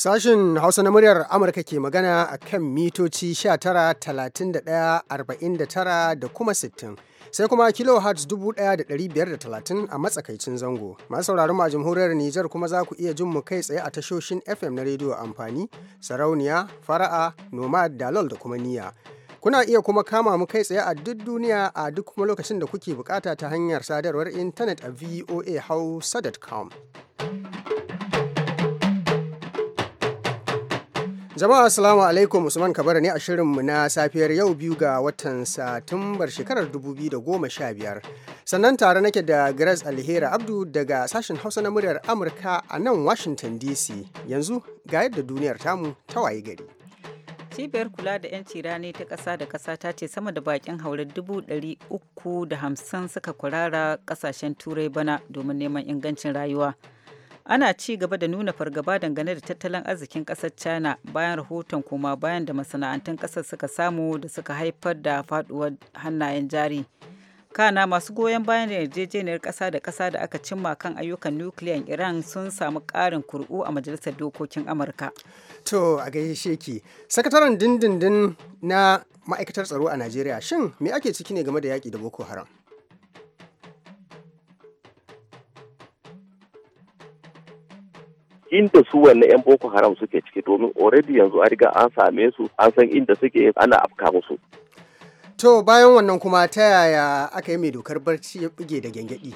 Sashen Hausa na muryar Amurka ke magana a kan mitoci 19,31,49 da kuma 60. Sai kuma kilohertz 1,530 a matsakaicin zango. Masu sauraron ma jamhuriyar Nijar kuma za ku iya jin mu kai tsaye a tashoshin FM na rediyo amfani, sarauniya, fara'a, nomad, dalol da kuma niyya. Kuna iya kuma kama mu kai tsaye a duk duniya a duk kuma lokacin da kuke bukata ta hanyar sadarwar intanet a voahausa.com. Jama'a Assalamu alaikum Usman Kabara ne a shirinmu na safiyar yau biyu ga watan Satumbar shekarar 2015. Sannan tare nake da Grace Alhera Abdu daga sashen Hausa na muryar Amurka a nan Washington DC. Yanzu ga yadda duniyar tamu ta waye gari. Cibiyar kula da 'yanci rani ta ƙasa da ƙasa ta ce sama da bakin haure hamsin suka kurara ƙasashen Turai bana domin neman ingancin rayuwa. ana ci gaba da nuna fargaba dangane da tattalin arzikin kasar china bayan rahoton koma bayan da masana'antun kasar suka samu da suka haifar da faduwar hannayen jari kana masu goyon bayan da yarjejeniyar kasa da kasa da aka cimma kan ayyukan nukiliyan iran sun samu karin kur'u a majalisar dokokin amurka to a gaishe sheki sakataren dindindin na ma'aikatar tsaro a najeriya shin me ake ciki ne game da yaki da boko haram inda su wannan yan boko haram suke ciki domin already yanzu a riga an same su an san inda suke ana afka musu to bayan wannan kuma ta yaya aka yi mai dokar barci ya buge da gyangyaɗi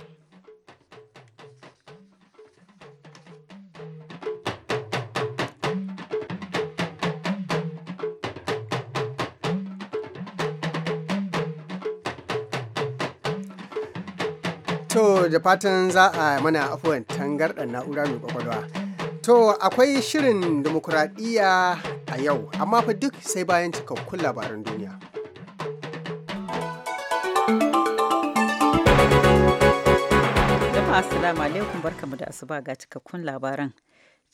To da fatan za a mana afuwan tangar na'ura mai kwakwalwa. To akwai shirin demokuraɗiyya a yau, amma fa duk sai bayan cikakkun labaran duniya. Jama'a assalamu alaikum barkamu da asuba ga cikakkun labaran.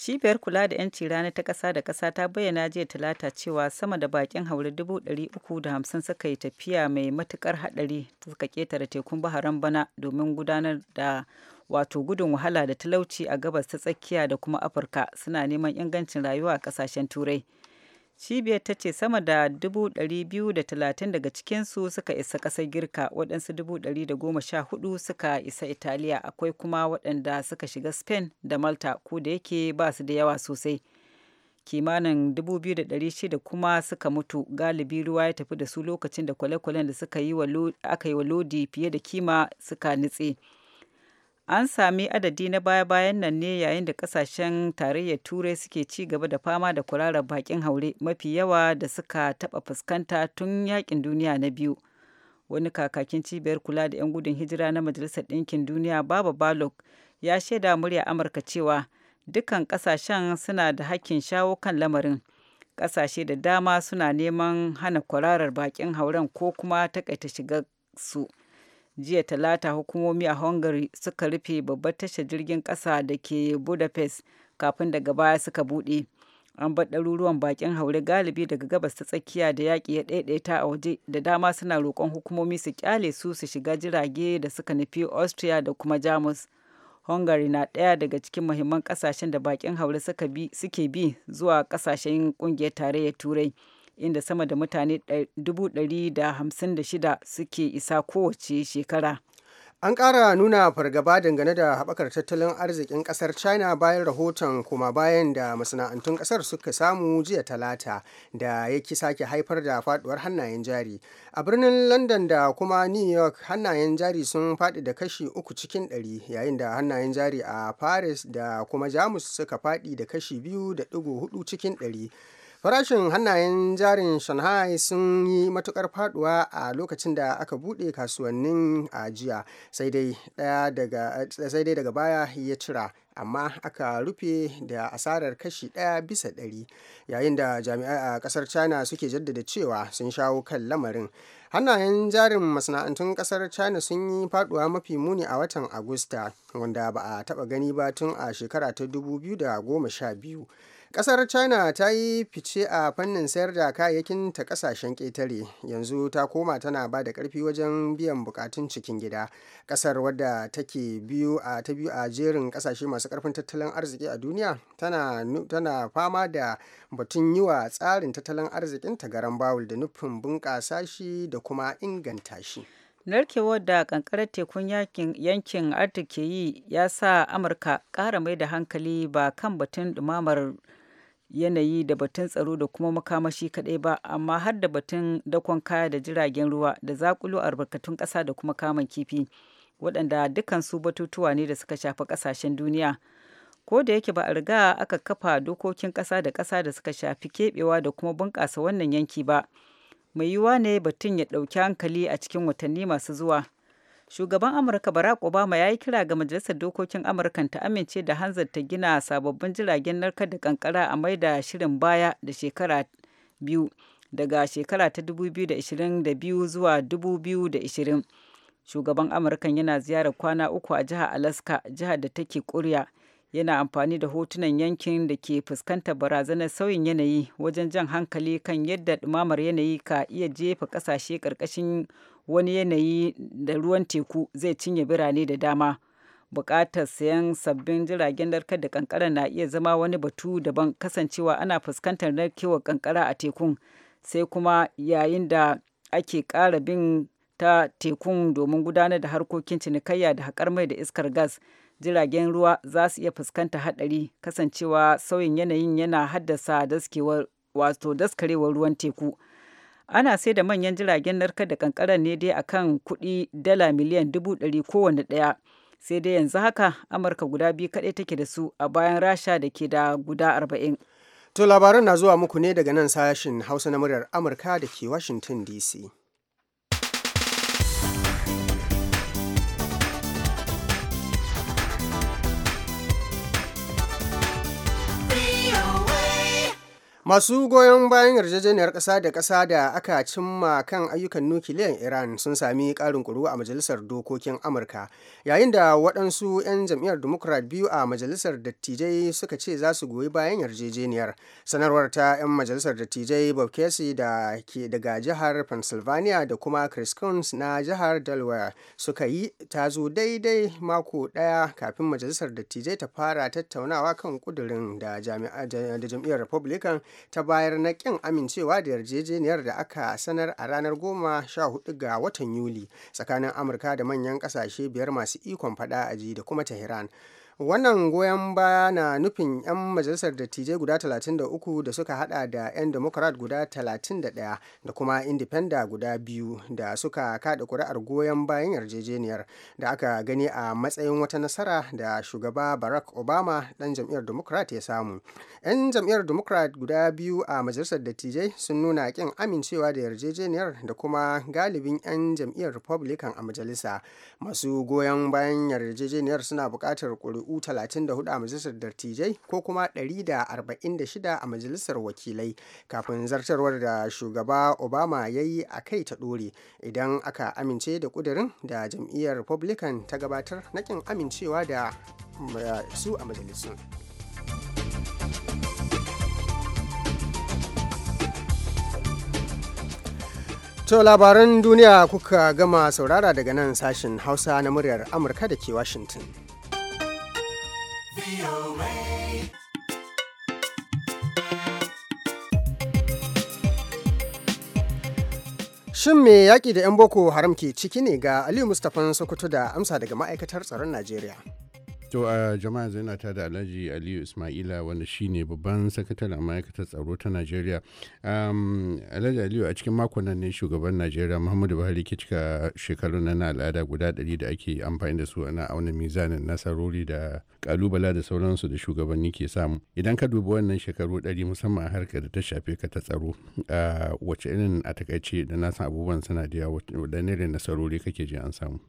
Cibiyar kula da 'yanci rana ta ƙasa da ƙasa ta bayyana jiya talata cewa sama da bakin haure hamsin suka yi tafiya mai matukar haɗari suka ketare tekun baharan bana domin gudanar da wato gudun wahala da talauci a gabas ta tsakiya da kuma Afirka suna neman ingancin rayuwa a ƙasashen Turai. Cibiyar ta ce sama da 230 daga cikinsu suka isa ƙasar Girka, waɗansu 114 suka isa Italiya, akwai kuma waɗanda suka shiga Spain da Malta ko da yake ba su da yawa sosai. Kimanin 2,600 kuma suka mutu galibi ruwa ya tafi da su lokacin da kwale-kwalen da aka yi wa lodi fiye da kima suka nutse. an sami adadi na baya-bayan nan ne yayin da kasashen tarayyar turai suke ci gaba da fama da kwararar bakin haure mafi yawa da suka taba fuskanta tun yakin duniya na biyu wani kakakin cibiyar kula da 'yan gudun hijira na majalisar ɗinkin duniya baba balog ya shaida murya amurka cewa dukkan kasashen suna da hakkin shawo kan lamarin kasashe da dama suna neman hana kwararar bakin hauren ko kuma takaita shiga su jiya talata hukumomi a hungary suka rufe babbar tashar jirgin kasa da ke budapest kafin daga baya suka bude an bar ɗaruruwan bakin haure galibi daga gabas ta tsakiya da yaki ya ɗaiɗaita a waje da dama suna roƙon hukumomi su kyale su su shiga jirage da suka nufi austria da kuma jamus hungary na ɗaya daga cikin mahimman ƙasashen da bakin haure suke bi zuwa ƙasashen ƙungiyar tarayyar turai inda sama da mutane 156 suke isa kowace shekara. An ƙara nuna fargaba dangane da haɓakar tattalin arzikin ƙasar China bayan rahoton kuma bayan da masana'antun ƙasar suka samu jiya talata da yake sake haifar da faduwar hannayen jari. A birnin London da kuma New York hannayen jari sun faɗi da kashi uku cikin ɗari yayin da hannayen jari a Paris da kuma Jamus suka faɗi da kashi biyu da ɗigo hudu cikin ɗari. Farashin hannayen jarin Shanghai sun yi matukar faduwa a lokacin da aka bude kasuwannin a jiya, sai dai daga baya ya cira. amma aka rufe da asarar kashi ɗaya bisa ɗari yayin da jami'ai a kasar china suke jaddada cewa sun shawo kan lamarin hannayen jarin masana'antun kasar china sun yi faduwa mafi muni a watan agusta wanda ba a taɓa gani ba tun a shekara ta 2012 Kasar China ta yi fice a fannin sayar da kayayyakin ta kasashen ƙetare yanzu ta koma tana ba da ƙarfi wajen biyan bukatun cikin gida. Kasar wadda take biyu a ta biyu a jerin kasashe masu ƙarfin tattalin arziki a duniya tana, tana fama da batun yi wa tsarin tattalin arzikin ta garan bawul da nufin bunƙasa shi da kuma inganta shi. narkewar da kankarar tekun yankin arctic ke yi ya sa amurka ƙara mai da hankali ba kan batun dumamar yanayi da batun tsaro da kuma makamashi kaɗai ba amma har da batun dakon kaya da jiragen ruwa da a albarkatun ƙasa da kuma kamun kifi waɗanda dukansu batutuwa ne da suka shafi ƙasashen duniya ko da yake ba a riga aka kafa dokokin ƙasa da ƙasa da suka shafi keɓewa da kuma bunƙasa wannan yanki ba mai yiwuwa ne batun ya ɗauki hankali a cikin watanni masu zuwa shugaban amurka barack obama ya yi kira ga majalisar dokokin amurka ta amince da hanzarta gina sababbin jiragen narkar da kankara a maida da shirin baya da shekara biyu daga shekara ta 2022 zuwa 2020 shugaban amurkan yana ziyarar kwana uku a jihar alaska jihar da take kuriya yana amfani da hotunan yankin da ke fuskantar barazanar sauyin yanayi wajen jan hankali kan yadda dumamar yanayi ka iya jefa ƙasashe ƙarƙashin wani yanayi da ruwan teku zai cinye birane da dama bukatar sayan sabbin jiragen narkar da kankara na iya zama wani batu daban kasancewa ana fuskantar narkewar kankara a tekun sai kuma yayin da ake ƙara bin ta tekun domin gudanar da harkokin cinikayya da haƙar mai da iskar gas jiragen ruwa za su iya fuskanta haɗari kasancewa sauyin yanayin yana haddasa daskewar daskarewar ruwan teku ana sai da manyan jiragen narka da kankaran ne dai akan kuɗi dala miliyan dubu ɗari kowane ɗaya sai dai yanzu haka amurka guda biyu kaɗai take da su a bayan rasha da ke da guda arba'in to labaran na zuwa muku ne daga nan sashen hausa na muryar amurka da ke washington dc Masu goyon bayan yarjejeniyar ƙasa da ƙasa da aka cimma kan ayyukan nukiliyan Iran sun sami ƙarin kuru a Majalisar Dokokin Amurka, yayin da waɗansu 'yan jam'iyyar Democrat biyu a Majalisar Dattijai suka ce za su goyi bayan yarjejeniyar. Sanarwar ta 'yan Majalisar Dattijai Bob Casey da ke daga jihar Pennsylvania da kuma Chris Coons na jihar Delaware suka yi ta zo daidai mako ɗaya kafin Majalisar Dattijai ta fara tattaunawa kan ƙudurin da jam'iyyar Republican ta bayar na kin amincewa da yarjejeniyar da aka sanar a ranar goma sha hudu ga watan yuli tsakanin amurka da manyan ƙasashe biyar masu ikon fada aji da kuma tehran wannan goyon baya na nufin 'yan majalisar dattijai guda 33 da suka hada da 'yan democrat guda 31 da kuma independent guda biyu da suka kada kuri'ar goyon bayan yarjejeniyar da aka gani a matsayin wata nasara da shugaba barack obama dan jam'iyyar democrat ya samu 'yan jam'iyyar democrat guda biyu a majalisar dattijai sun nuna kin amincewa da yarjejeniyar da kuma galibin 'yan jam'iyyar republican a majalisa masu goyon bayan yarjejeniyar suna bukatar ƙuri'u kuri'u 34 a majalisar dattijai ko kuma 146 a majalisar wakilai kafin zartarwar da shugaba obama ya yi a kai ta ɗore idan aka amince da kudirin da jam'iyyar republican ta gabatar na kin amincewa da eh, su a majalisun. To labaran duniya kuka gama saurara daga nan sashen Hausa na muryar Amurka da ke Washington. Shin me yaƙi da 'yan Boko Haram ke ciki ne ga Aliyu Mustapha Sokoto da amsa daga ma'aikatar tsaron Najeriya? To a jama'a zaina ta da Alhaji Aliyu Ismaila wanda shine babban sakataren ma'aikatar tsaro ta Najeriya. Alhaji Aliyu a cikin makon nan ne shugaban Najeriya Muhammadu Buhari ke cika shekaru na al'ada guda ɗari da ake amfani da su ana auna mizanin nasarori da kalubala da sauransu da shugabanni ke samu. Idan ka dubi wannan shekaru ɗari musamman a harkar da ta shafe ka ta tsaro wace irin a takaice da na san abubuwan suna da nasarori kake ji an samu.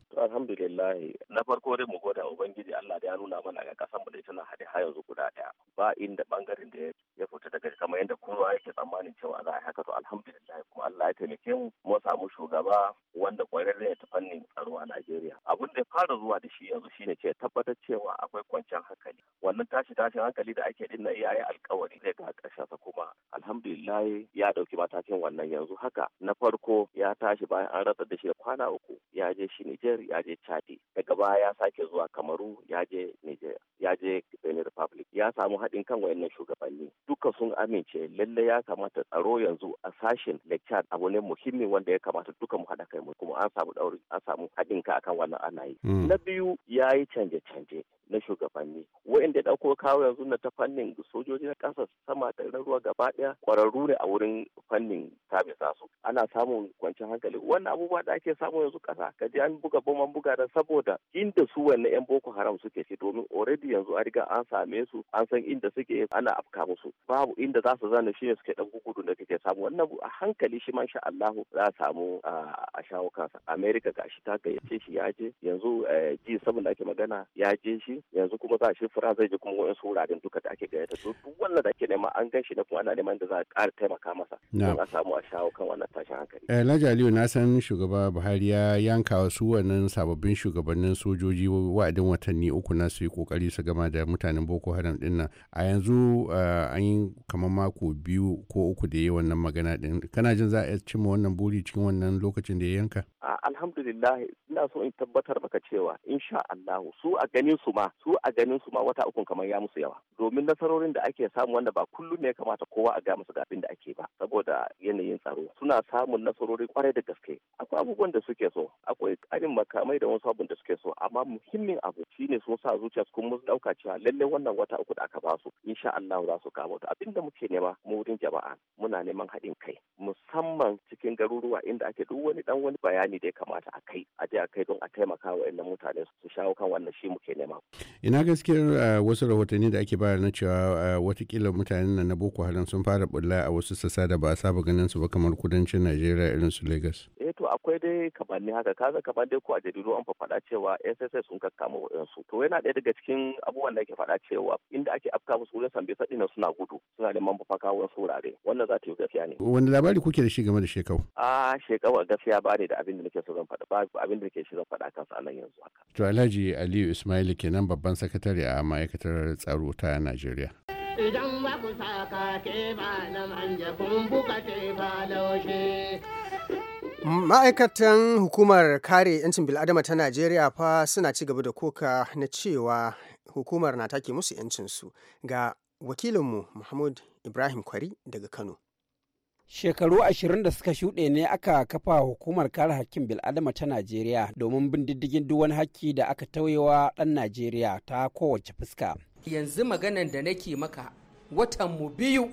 na farko dai mu goda ubangiji Allah da ya nuna mana ga kasan mu da tana hade har yanzu guda daya ba inda bangaren da ya fita daga kamar yadda kowa yake tsammanin cewa za a haka to alhamdulillah kuma Allah ya taimake mu mu samu shugaba wanda kwararre ya ta fannin tsaro a Najeriya abun da ya fara zuwa da shi yanzu shine ce tabbatar cewa akwai kwanciyar hankali wannan tashi tashin hankali da ake dinna iyaye alkawari zai ga ƙarshen kuma alhamdulillah ya ɗauki matakin wannan yanzu haka na farko ya tashi bayan an rasa da shi da kwana uku ya je shi Niger ya je Chadi daga baya ya sake zuwa Kamaru ya je Niger ya je Benin Republic ya samu haɗin kan wayannan shugabanni duka sun amince lalle ya kamata tsaro yanzu a sashen lecture abu ne muhimmi wanda ya kamata duka mu haɗa kai mu kuma an samu ɗauri an samu haɗin ka akan wannan ana yi mm. na biyu ya yi canje canje na shugabanni wa'inda ya dauko kawo yanzu na ta fannin sojoji na kasa sama da na ruwa gaba ɗaya kwararru ne a wurin fannin sabisa su ana samun kwanciyar hankali wannan abubuwa da ake samu yanzu kasa ka ji an buga bomban buga da saboda inda su wannan yan boko haram suke shi domin already yanzu an riga an same su an san inda suke ana afka musu babu inda za su zana shi ne suke ɗan gudu da kake samu wannan a hankali shi man sha Allahu za a samu a shawo kansa America gashi ta gayyace shi ya je yanzu ji eh, saboda ake magana ya je shi yanzu kuma za a fura zai je kuma wani wuraren duka da ake gayyata to duk wannan da ake nema an gan shi da kuma ana neman da za a ƙara taimaka masa don a samu a shawo kan wannan tashin hankali. Eh, na Aliyu na san shugaba Buhari ya yanka wasu wannan sababbin shugabannin sojoji wa'adin watanni uku na su yi kokari su gama da mutanen Boko Haram din nan. A yanzu eh, an yi kamar mako biyu ko uku da yi wannan magana din. Kana jin za a cimma wannan buri cikin wannan lokacin da ya yanka? Alhamdulillah ina so in tabbatar maka cewa insha Allah su a ganin su ma su a ganin su ma wata uku kamar ya musu yawa domin nasarorin da ake samu wanda ba kullum ne ya kamata kowa a ga musu ga da ake ba saboda yanayin tsaro suna samun nasarori kwarai da gaske akwai abubuwan da suke so akwai karin makamai da wasu abun da suke so amma muhimmin abu shine sun sa zuciya su kuma dauka cewa lalle wannan wata uku da aka ba su insha Allah za su kama ta abin da muke nema mu wurin jama'a muna neman haɗin kai musamman cikin garuruwa inda ake duk wani dan wani bayani da ya kamata a kai a je a kai don a taimaka wa mutane su shawo kan wannan shi muke nema ina gaskiyar wasu rahotanni da ake bayar na cewa watakila mutanen na boko haram sun fara bulla a wasu sassa da ba a saba ganin su ba kamar kudancin najeriya irin su lagos eh to akwai dai kamanni haka kaza kamar dai ko a jaridu an faɗa cewa sss sun kakkama waɗansu to yana ɗaya daga cikin abubuwan da ake faɗa cewa inda ake afka musu wurin sambe saɗi suna gudu suna neman mafaka wasu wurare wannan za ta yi gaskiya ne wani labari kuke da shi game da shekau a shekau a gaskiya ba ne da abin da nake so zan faɗa ba abin da nake shi zan faɗa kansa a nan yanzu haka to alhaji aliyu ismail kenan kenan babban sakatare a ma'aikatar tsaro ta najeriya idan ba ku saka ke ba na manja kun buka ce ba laushe ma'aikatan hukumar kare 'yancin bil'adama ta najeriya fa suna ci gaba da koka na cewa hukumar na take musu 'yancinsu ga wakilinmu mahmud ibrahim kwari daga kano Shekaru ashirin da suka shuɗe ne aka kafa hukumar kare hakkin bil'adama ta Najeriya domin bin diddigin duk wani hakki da aka tauyewa ɗan Najeriya ta kowace fuska. Yanzu maganan da nake maka watan mu biyu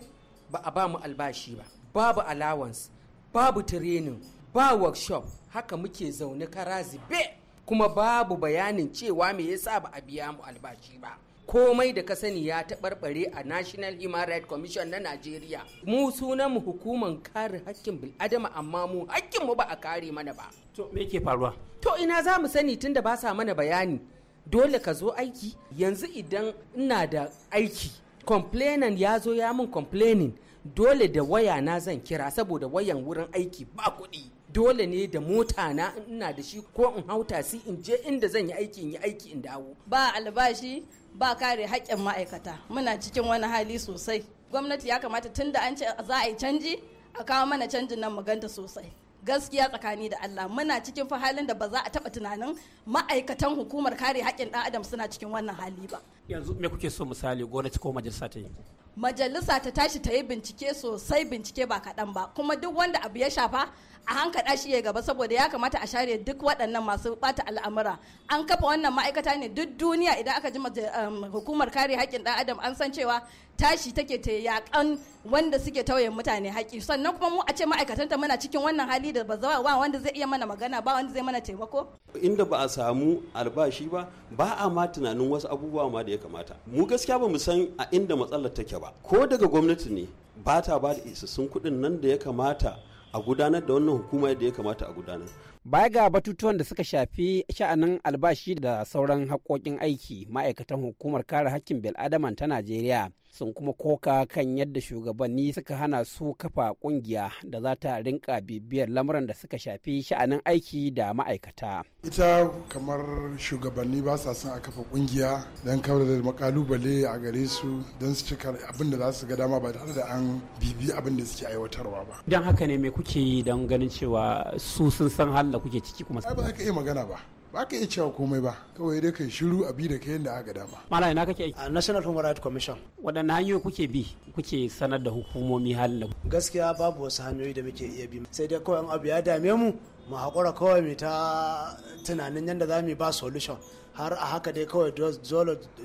ba a bamu albashi ba, babu allowance, babu training, ba workshop, haka muke zaune kara zibe. kuma babu bayanin cewa me yasa ba a biya mu albashi ba komai da ka sani ya taɓarɓare a national human rights commission na najeriya mu sunan mu hukumar kare hakkin bil'adama amma mu hakkin mu ba a kare mana ba to me ke faruwa to ina za mu sani tunda ba sa mana bayani dole ka zo aiki yanzu idan ina da aiki complainant ya zo ya mun complaining dole da waya na zan kira saboda wayan wurin aiki ba kuɗi dole ne da mota na ina da shi ko in hau tasi in je inda zan yi aiki in yi aiki in dawo ba albashi ba kare haƙƙin ma'aikata muna cikin wani hali sosai gwamnati ya kamata tun da an ce za a yi canji a kawo mana canjin nan maganta sosai gaskiya tsakani da Allah muna cikin halin da ba za a taba tunanin ma'aikatan hukumar kare haƙƙin ɗan adam suna cikin wannan hali ba yanzu me kuke so misali gwamnati ko majalisa ta yi majalisa ta tashi ta yi bincike sosai bincike ba kaɗan ba kuma duk wanda abu ya shafa a hankaɗa shi ya gaba saboda ya kamata a share duk waɗannan masu bata al'amura an kafa wannan ma'aikata ne duk duniya idan aka ji um, hukumar kare haƙƙin ɗan adam an san cewa tashi take ta yaƙan wanda suke tauye mutane haƙƙi sannan kuma mu a ce ma'aikatanta muna cikin wannan hali da ba ba wanda zai iya mana magana ba wanda zai mana taimako inda ba a samu albashi ba ba a ma tunanin wasu abubuwa ma da ya kamata mu gaskiya ba mu san a inda matsalar take ba ko daga gwamnati ne ba ta ba da isassun kuɗin nan da ya kamata a gudanar da wannan hukuma yadda ya kamata a gudanar. Baya ga batutuwan da suka shafi sha'anin albashi da sauran haƙoƙin aiki ma'aikatan hukumar kare hakkin bil'adaman ta Najeriya sun kuma koka kan yadda shugabanni suka hana su kafa kungiya da za ta rinka bibiyar lamuran da suka shafi sha'anin aiki da ma'aikata. ita kamar shugabanni ba sa son a kafa kungiya don kawar da makalubale a gare su don su cika abin da za su ga dama ba tare da an bibi abin da suke aiwatarwa ba. don haka ne me kuke yi don ganin cewa su sun san hala da kuke ciki kuma. ba za iya magana ba. ba ka iya cewa komai ba kawai dai kai shiru a bi da kai yadda aka dama malai na kake a national human rights commission waɗanne hanyoyi kuke bi kuke sanar da hukumomi halin gaskiya babu wasu hanyoyi da muke iya bi sai dai kawai abu ya dame mu mu haƙura kawai mai ta tunanin yadda za mu ba solution har a haka dai kawai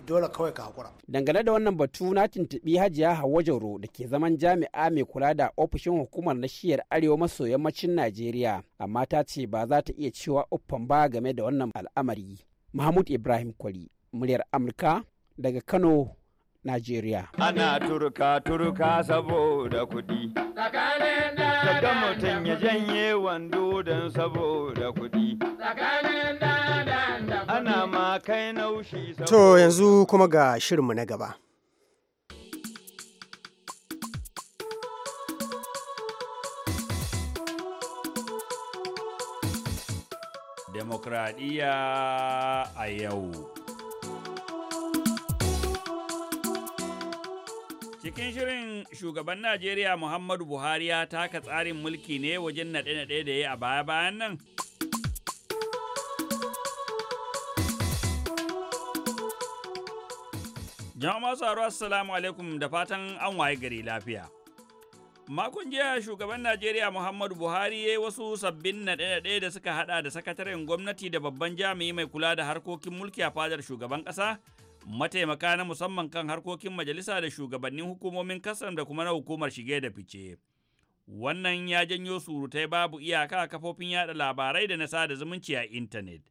dole kawai ka haƙura. Dangane da wannan batu na tuntuɓi Hajiya Hauwa Jauro da ke zaman jami'a mai kula da ofishin hukumar na Arewa maso yammacin Najeriya amma ta ce ba za ta iya cewa uffan ba game da wannan al'amari. Mahmud Ibrahim Kwari, muryar Amurka daga Kano, Najeriya. Ana turka turka saboda kuɗi. ka ga mutum ya janye wando don saboda kuɗi ana ma kai naushi to yanzu kuma ga shirinmu na gaba demokradiyya a yau Cikin shirin shugaban Najeriya Muhammadu Buhari ya taka tsarin mulki ne wajen naɗe-naɗe da ya a baya-bayan nan. Jama'a masu assalamu alaikum da fatan an waye gari lafiya. Makon jiya shugaban Najeriya Muhammadu Buhari ya yi wasu sabbin naɗe-naɗe da suka haɗa da sakataren gwamnati da babban jami'i mai kula da harkokin mulki a fadar shugaban ƙasa mataimaka na musamman kan harkokin majalisa da shugabannin hukumomin kasar da kuma na hukumar shige da fice. Wannan ya janyo surutai babu iyaka a kafofin yada labarai da na sada zumunci a intanet.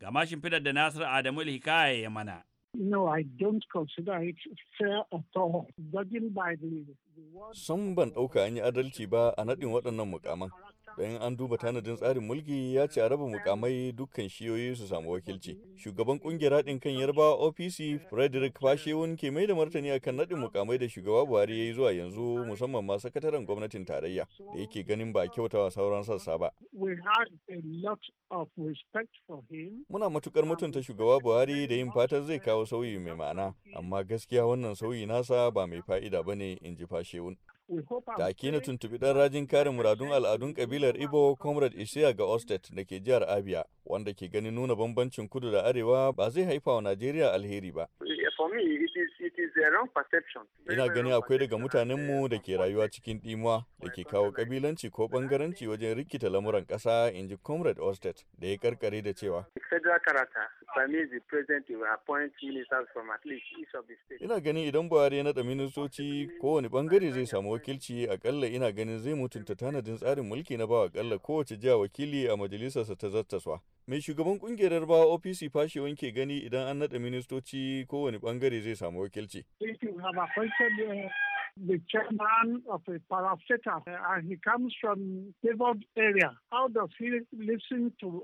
Ga mashin fidar da Nasir Adamu Hikaya ya mana. No, I don't consider it fair at all. Judging by the... Sun ban ɗauka an yi adalci ba a naɗin waɗannan mukaman. bayan an duba tanadin tsarin mulki ya ce a raba mukamai dukkan shiyoyi su samu wakilci shugaban kungiyar haɗin kan yarbawa opc frederick fashewun ke mai da martani akan naɗin mukamai da shugaba buhari yayi zuwa yanzu musamman ma sakataren gwamnatin tarayya da yake ganin ba kyautawa sauran sassa ba muna matukar mutunta shugaba buhari da yin fatan zai kawo sauyi mai ma'ana amma gaskiya wannan sauyi nasa ba mai fa'ida ba ne in ji fashewun Take na tuntubi ɗan rajin kare muradun al'adun kabilar Ibo Comrade Isiya ga Ostet da ke jihar Abia wanda ke ganin nuna bambancin kudu da arewa ba zai haifa wa Najeriya alheri ba. Eh, Ina gani akwai daga mutanenmu da ke rayuwa cikin ɗimuwa da ke kawo ƙabilanci ko ɓangaranci wajen rikita lamuran ƙasa, in ji Comrade Ostet da ya karkare da cewa. Ina ganin idan Buhari ya naɗa ministoci kowane ɓangare zai samu wakilci akalla ina ganin zai mutunta tanadin tsarin mulki na bawa akalla kowace jiya wakili a majalisarsa ta zattaswa. Mai shugaban ƙungiyar bawa OPC fashewan wanke gani idan an naɗa ministoci kowane ɓangare zai samu wakilci. Penalty. Tem que, na frente, the chairman of a parastatal, and he comes from devon area. How does he listen to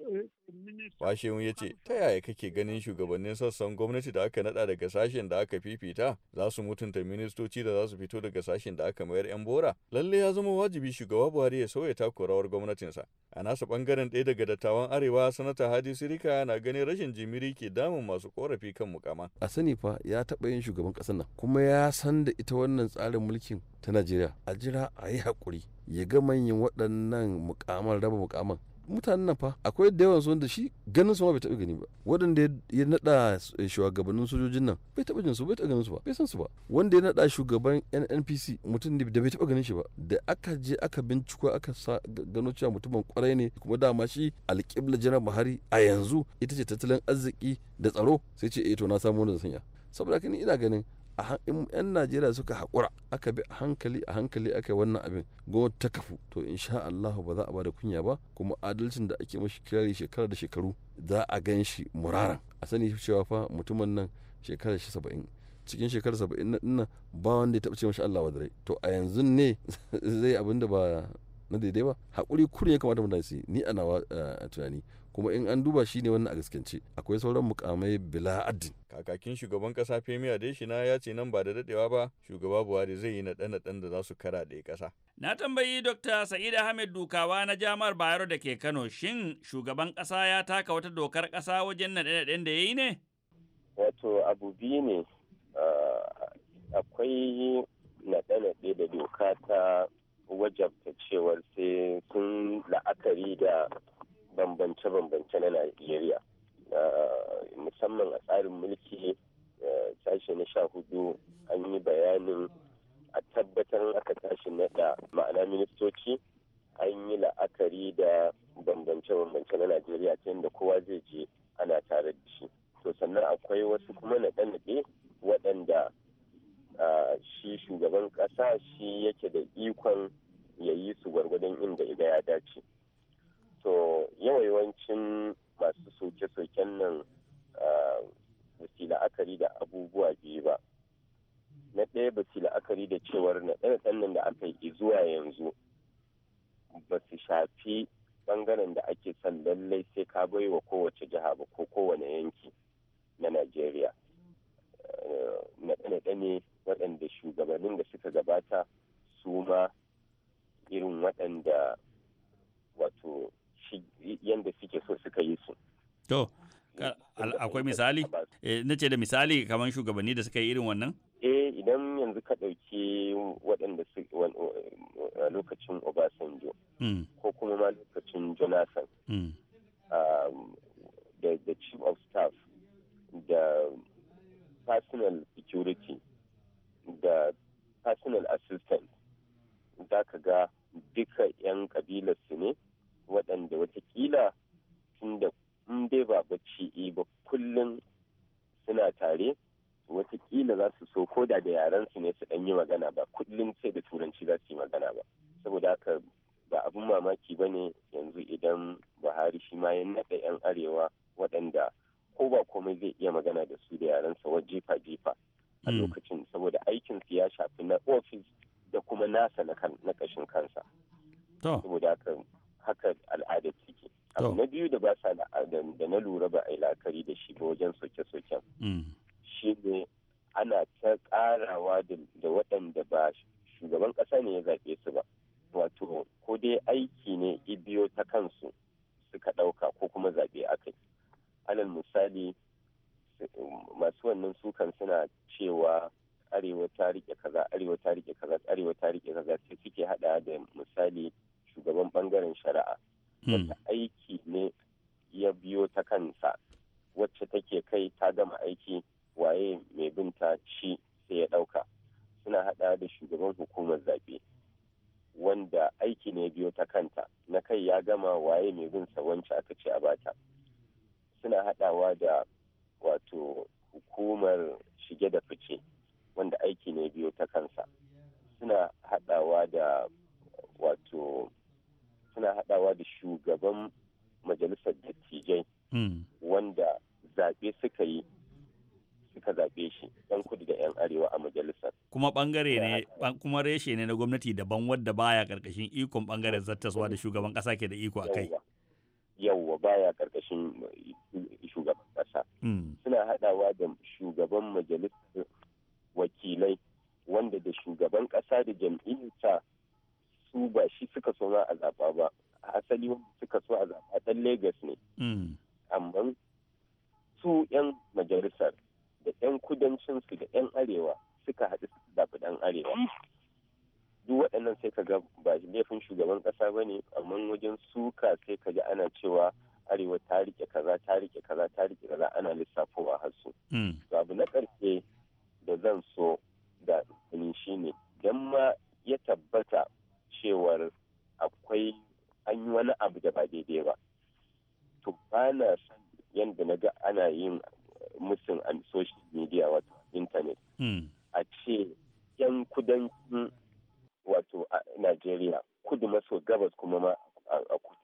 Fashewu uh, ya ce, Ta yaya kake ganin shugabannin sassan gwamnati da aka nada daga sashen da aka fifita za su mutunta ministoci da za su fito daga sashen da aka mayar 'yan bora? Lalle ya zama wajibi shugaba Buhari ya sauya takurawar gwamnatinsa. A nasa bangaren ɗaya daga dattawan Arewa, Sanata Hadi Sirika na ganin rashin jimiri ke damun masu korafi kan mukama. A sani fa ya taɓa yin shugaban ƙasar nan, kuma ya san da ita wannan tsarin mulkin ta najeriya a jira a yi haƙuri ya ga manyan waɗannan mukaman raba mukaman mutanen nan fa akwai da yawan wanda shi ganin su ma bai taɓa gani ba waɗanda ya naɗa eh, shugabannin sojojin nan bai taɓa jinsu bai taɓa ganin su ba bai san su ba wanda ya naɗa shugaban NNPC mutum da bai taɓa ganin shi ba da aka je aka binciko aka sa gano cewa mutumin kwarai ne kuma dama shi alƙibla jana Buhari a yanzu ita ce tattalin arziki da tsaro sai ce eh to na samu wanda sanya saboda haka ni ina ganin in 'yan najeriya suka haƙura aka bi a hankali a hankali aka yi wannan abin gwamnati ta kafu to insha allahu ba za a bada kunya ba kuma adalcin da ake mashi kirari shekara da shekaru za a gan shi muraran a sani cewa fa mutumin nan shekara shi saba'in cikin shekara saba'in na dinnan ba wanda ya taɓa ce mashi allah wadare to a yanzu ne zai abin da ba na daidai ba haƙuri kuri ya kamata mu su ni a nawa eh, tunani kuma in an duba shi ne wannan a gaskance akwai sauran mukamai bila kakakin shugaban kasa femi adeshina ya ce nan ba da dadewa ba shugaba buhari zai yi naɗe dan da za su kara da ƙasa na tambayi dr sa'id ahmed dukawa na jami'ar bayero da ke kano shin shugaban ƙasa ya taka wata dokar kasa wajen naɗe dan da ya yi ne wato abu biyu ne ah, akwai naɗe-naɗe da doka ta wajabta cewar sai sun la'akari da bambance-bambance na Najeriya. Musamman a tsarin mulki eh, sashe na sha hudu an yi bayanin a tabbatar aka tashi naɗa ma'ana ministoci an yi la'akari da bambance-bambance na Najeriya ta yadda kowa zai je ana tare da shi. To sannan akwai wasu kuma naɗe-naɗe waɗanda shi shugaban ƙasa shi yake da ikon yayi su gwargwadon inda iga ya dace. to yawancin masu soke-soken nan ba la'akari da abubuwa biyu ba na ɗaya ba su la'akari da cewar na ɗan nan da aka yi zuwa yanzu ba su shafi ɓangaren da ake son lallai sai ka bai wa kowace jiha ba ko kowane yanki na najeriya na ɗane ne waɗanda shugabannin da suka gabata su ma irin waɗanda wato shi yadda suke so suka yi su. To, akwai misali? Eh, na ce da misali kamar shugabanni da suka yi irin wannan? Eh, idan yanzu ka ɗauki waɗanda su lokacin Obasanjo, hmm. ko kuma ma lokacin Jonathan, hmm. um, da Chief of Staff, da personal security, da personal assistant, za ka ga duka 'yan kabilarsu ne waɗanda watakila tun da in dai ba bacci yi eh ba kullum suna tare watakila za su so ko da da yaran ne su ɗan yi magana ba kullum sai da turanci za su yi magana ba saboda haka ba abun mamaki ba ne yanzu idan buhari shi ma ya naɗa 'yan arewa waɗanda ko ba komai zai iya magana da su da yaransa wa jefa-jefa a hmm. lokacin saboda aikinsu ya shafi na ofis da kuma nasa na ƙashin kansa. Saboda haka haka al'ada take abu na biyu da ba sa da na lura ba a yi la'akari da shi ba wajen soke-soken mm. shi ne ana ta karawa da waɗanda ba shugaban ƙasa ne ya zaɓe su ba wato ko dai aiki ne ibiyo ta kansu suka ɗauka ko kuma zaɓe aka yi alal misali masu wannan sukan suna cewa arewa ta rike kaza arewa ta rike kaza arewa ta rike kaza sai suke haɗa da misali shugaban ɓangaren shari'a hmm. wata aiki ne ya biyo ta kansa wacce take kai ta gama aiki waye mai binta shi sai ya ɗauka suna haɗa da shugaban hukumar zaɓe wanda aiki ne biyo ta kanta na kai ya gama waye mai binsa wance aka ce a bata suna haɗawa da wato hukumar shige da fice wanda aiki ne biyo ta kansa suna haɗawa da wato suna haɗawa da shugaban majalisar dattijai hmm. wanda zaɓe suka yi suka zaɓe shi ɗan kudu da 'yan arewa a majalisar. Kuma ɓangare ne kuma reshe ne na gwamnati daban wadda baya ƙarƙashin ikon ɓangaren zattaswa da shugaban ƙasa ke da iko a kai. Yawwa baya ƙarƙashin shugaban ƙasa. Hmm. Suna haɗawa da shugaban majalisar wakilai wanda da shugaban ƙasa da jam'iyyarsa su ba shi suka so a zaba ba asali wanda suka so a zaba dan Legas ne mm. amma su 'yan majalisar da 'yan kudancin su da 'yan arewa suka haɗu zaba dan arewa duk waɗannan sai ka ga ba laifin shugaban ƙasa ba ne amma wajen suka sai ka ga ana cewa arewa ta rike kaza ta rike kaza ta rike kaza ana lissafowa har su mm. abu na ƙarshe da zan so da ni shine dan ma ya tabbata cewar akwai an yi wani abu da ba daidai ba to ba na son yadda na ga ana yin musun a social media wato internet hmm. a ce yan kudancin wato a Najeriya kudu maso gabas kuma ma a kudu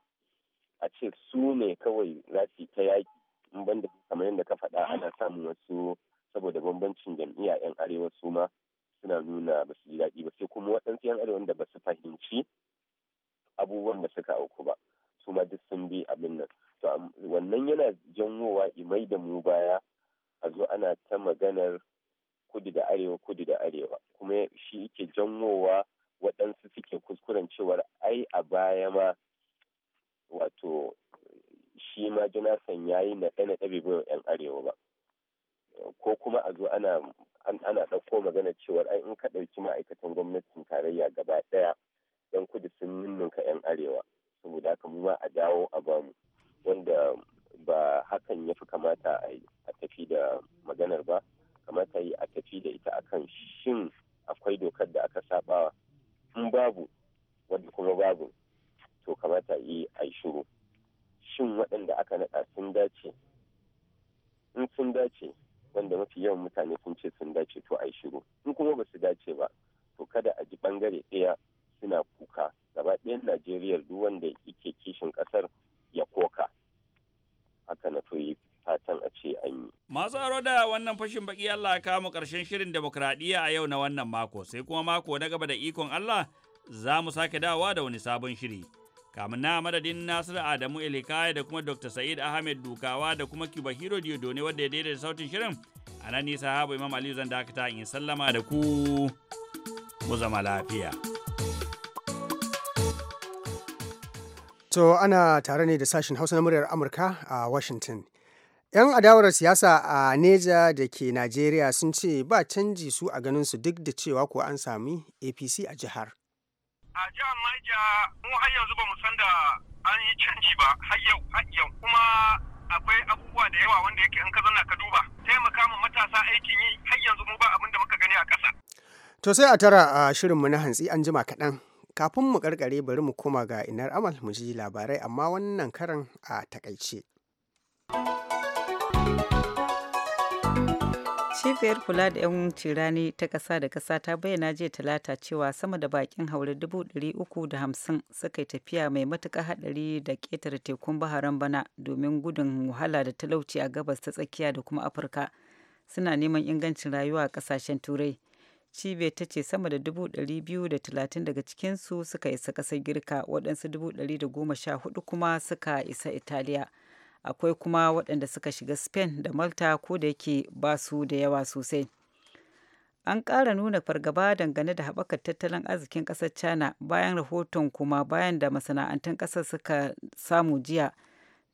a ce su ne kawai za ta yaki in banda kamar yadda ka faɗa ana samun wasu saboda bambancin jam'iyya 'yan arewa su ma suna nuna ba su ji daɗi ba sai kuma waɗansu 'yan arewa da ba su fahimci abubuwan da suka auku ba su ma duk sun bi abin nan to wannan yana janwowa imai da mu baya a zo ana ta maganar kudu da arewa kudu da arewa kuma shi yake janwowa waɗansu suke kuskuren cewar ai a baya ma wato shi ma jonathan ya yi naɗe-naɗe bai 'yan arewa ba ko kuma a zo ana ɗauko magana cewar ai in ka ɗauki ma'aikatan gwamnatin tarayya gaba ɗaya don kudu sun ka yan arewa saboda haka mu ma a dawo a bamu wanda ba hakan ya fi kamata a tafi da maganar ba kamata yi a tafi da ita akan shin akwai dokar da aka sabawa in babu wadda kuma babu to kamata yi a yi shiru shin waɗanda aka naɗa sun dace in sun dace wanda mafi yawan mutane sun ce sun dace to yi shiru in kuma ba su dace ba to kada a ji bangare ɗaya suna kuka gaba ɗayan najeriya duk wanda yake kishin ƙasar ya koka haka na to yi fatan a ce an yi. Masu aro da wannan fashin baki Allah ya mu karshen shirin demokradiyya a yau na wannan mako sai kuma mako na gaba da ikon Allah za mu sake dawa da wani sabon shiri. kamun na madadin Nasiru Adamu elikaya da kuma Dr. Sa'id Ahmed Dukawa da kuma Cuba Hero Diodone wadda ya daidaita sautin shirin a nan nisa habu Imam Aliyu zan dakata in sallama da ku mu zama lafiya. To ana tare ne da sashen Hausa na muryar Amurka a Washington. 'Yan adawar siyasa a Neja da ke Najeriya sun ce ba canji su a ganin su duk da cewa ko an sami APC a jihar. a jihar Niger mu har yanzu ba mu san da an yi canji ba har yau har yau kuma akwai abubuwa da yawa wanda yake in ka zanna ka duba taimaka ma matasa aikin yi har yanzu mu ba abin da muka gani a ƙasa. To sai a tara a shirinmu na hantsi an jima kaɗan. Kafin mu karkare bari mu koma ga inar amal mu ji labarai amma wannan karan a takaice. cibiyar kula da 'yan tirani ta ƙasa da ƙasa ta bayyana jiya talata cewa sama da bakin haure 350 suka yi tafiya mai matuƙa haɗari da ƙetare tekun baharan bana domin gudun wahala da talauci a gabas ta tsakiya da kuma afirka suna neman ingancin rayuwa a ƙasashen turai cibiyar ta ce sama da dubu da talatin daga cikinsu suka isa ƙasar girka waɗansu dubu ɗari da goma sha hudu kuma suka isa italiya akwai kuma waɗanda suka shiga spain da malta ko da yake ba su da yawa sosai an ƙara nuna fargaba dangane da haɓakar tattalin arzikin ƙasar china bayan rahoton kuma bayan da masana'antun ƙasar suka samu jiya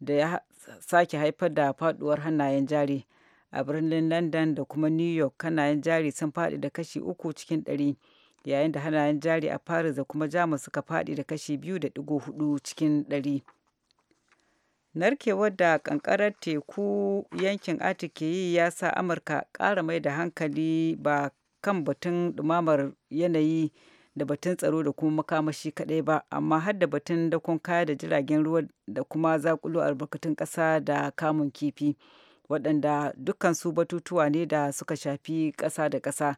da ya sake haifar da faɗuwar hannayen jari a birnin london da kuma new york hannayen jari sun faɗi da kashi uku cikin ɗari yayin da hannayen jari a paris da kuma jamus suka faɗi da kashi biyu da ɗigo hudu cikin ɗari narkewar da kankarar teku yankin atike ke yi ya sa amurka ƙara mai da hankali ba kan batun dumamar yanayi da batun tsaro da kuma makamashi kaɗai ba amma har da batun dakon kaya da jiragen ruwa da kuma zakulu albarkatun ƙasa da kamun kifi waɗanda dukkansu batutuwa ne da suka shafi ƙasa da ƙasa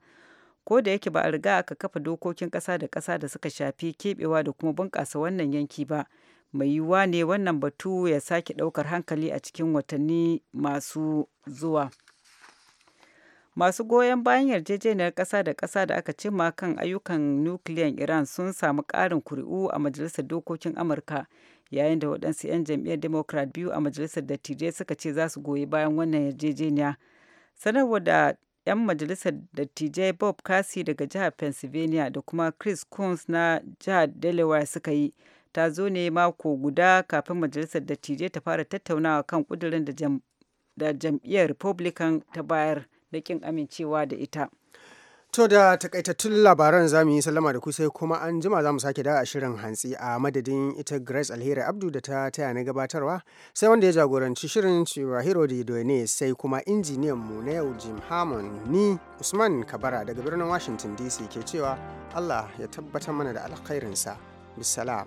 ko da yake ba a riga aka kafa dokokin ƙasa da ƙasa da suka shafi keɓewa da kuma bunƙasa wannan yanki ba mai yiwuwa ne wannan batu ya sake daukar hankali a cikin watanni masu zuwa masu goyon bayan yarjejeniyar ƙasa da ƙasa da aka cima kan ayyukan nukiliyan iran sun samu ƙarin kuri'u a majalisar dokokin amurka yayin da waɗansu 'yan jam'iyyar democrat biyu a majalisar dattijai suka ce za su goyi bayan wannan yarjejeniya sanarwar da 'yan majalisar dattijai bob kasi daga jihar pennsylvania da kuma chris coons na jihar delaware suka yi ta zo ne mako guda kafin majalisar dattijai ta fara tattaunawa kan kudurin da jam'iyyar republican ta bayar da kin amincewa da ita To da takaitattun labaran za mu yi sallama da ku sai kuma an jima za mu sake da a shirin hantsi a madadin ita Grace Alheri Abdu da ta taya na gabatarwa sai wanda ya jagoranci shirin cewa Hero ne sai kuma injiniyan mu na yau Jim Hammond ni Usman Kabara daga birnin Washington DC ke cewa Allah ya tabbatar mana da alkhairinsa. Bisalam.